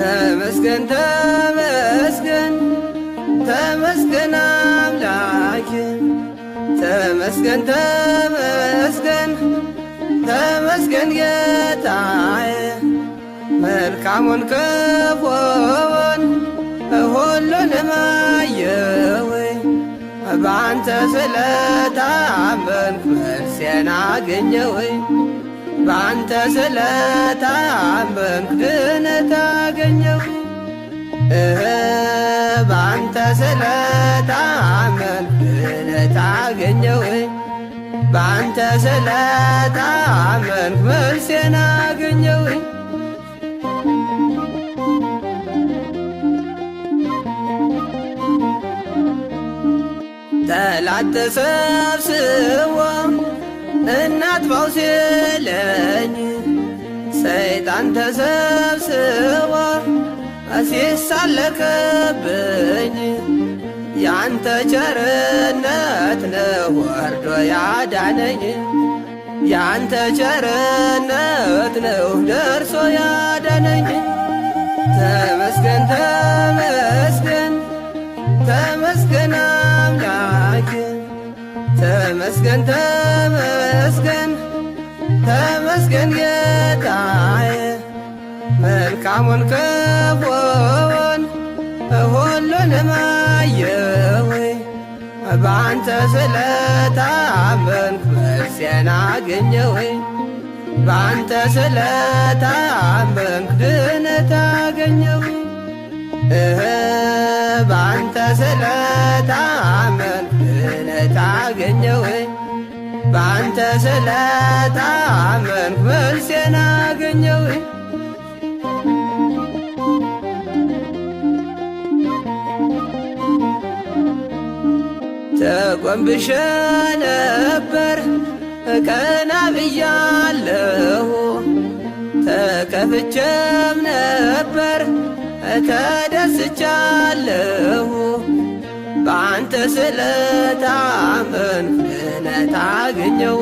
ተመስገን ተመስገን ተመስገን አምላኬ ተመስገን ተመስገን ተመስገን ጌታዬ መልካሙን ክፉውን ሁሉንም አየሁ በአንተ ስለታመንኩ መልሴን አገኘሁ በአንተ ስለታመንኩ ድን በአንተ ስለታመን ምሕረት አገኘው በአንተ ስለታመን መልሴን አገኘው ጠላት ተሰብስቦ እናጥፋው የለኝ ሰይጣን ተሰብስቦ ሲሳለቅብኝ ያንተ ቸርነት ነው ወርዶ ያዳነኝ ያንተ ቸርነት ነው ደርሶ ያዳነኝ። ተመስገን ተመስገን ተመስገን አምላክ ተመስገን ተመስገን ተመስገን ጌታዬ መልካሙን ክፉን ሁሉንም አየሁ በአንተ ስለታመንኩ መልሴን አገኘሁ በአንተ ስለታመንኩ ድነት አገኘሁ እህ በአንተ ስለታመንኩ ድነት አገኘሁ በአንተ ስለታመንኩ መልሴን አገኘሁ ተጎንብሼ ነበር ቀና ብያለሁ ተከፍቼም ነበር ተደስቻለሁ በአንተ ስለታመን ድነት አገኘው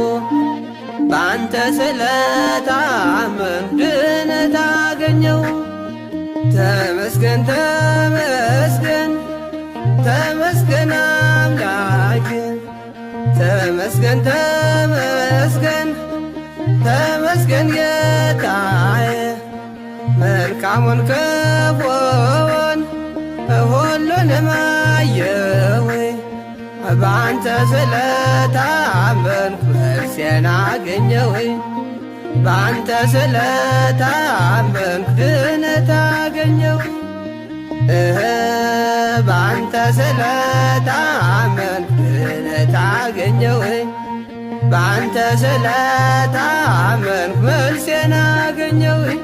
በአንተ ስለታመን ድነት አገኘው ተመስገን ተመስገን ተመስገን አምላክ ተመስገን ተመስገን ተመስገን ጌታዬ መልካሙን ክፉውን ሁሉንም አየሁ በአንተ ስለታመንኩ መልሴን አገኘሁ በአንተ ስለታመንኩ ድነት አገኘሁ ስለታመንኩ ድነት አገኘሁኝ በአንተ ስለታመንኩ መልሴን አገኘሁኝ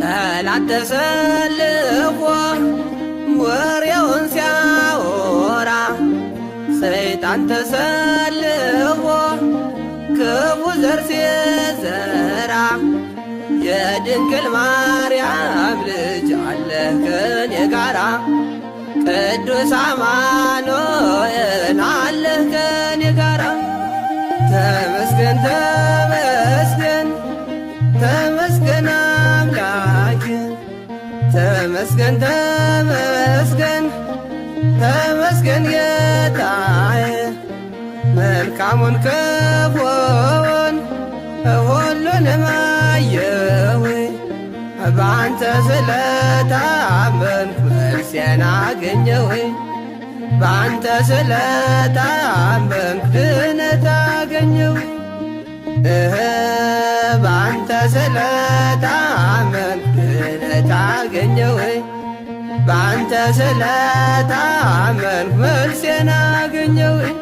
ጠላት ተሰልፎ ወሬውን ሲያወራ ሰይጣን ተሰልፎ ክፉ ዘር የምትሠራ የድንግል ማርያም ልጅ አለ ከኔ ጋራ ቅዱስ አማኑኤል አለ ከኔ ጋራ። ተመስገን ተመስገን ተመስገን አምላክን ተመስገን ተመስገን ተመስገን የታየ መልካሙን ክፉ ሁሉንም አየሁ በአንተ ስለታመንኩ መልሴን አገኘሁ በአንተ ስለታመንኩ ድነት አገኘሁ እህ በአንተ ስለታመንኩ ድነት አገኘሁ በአንተ ስለታመንኩ መልሴን አገኘሁ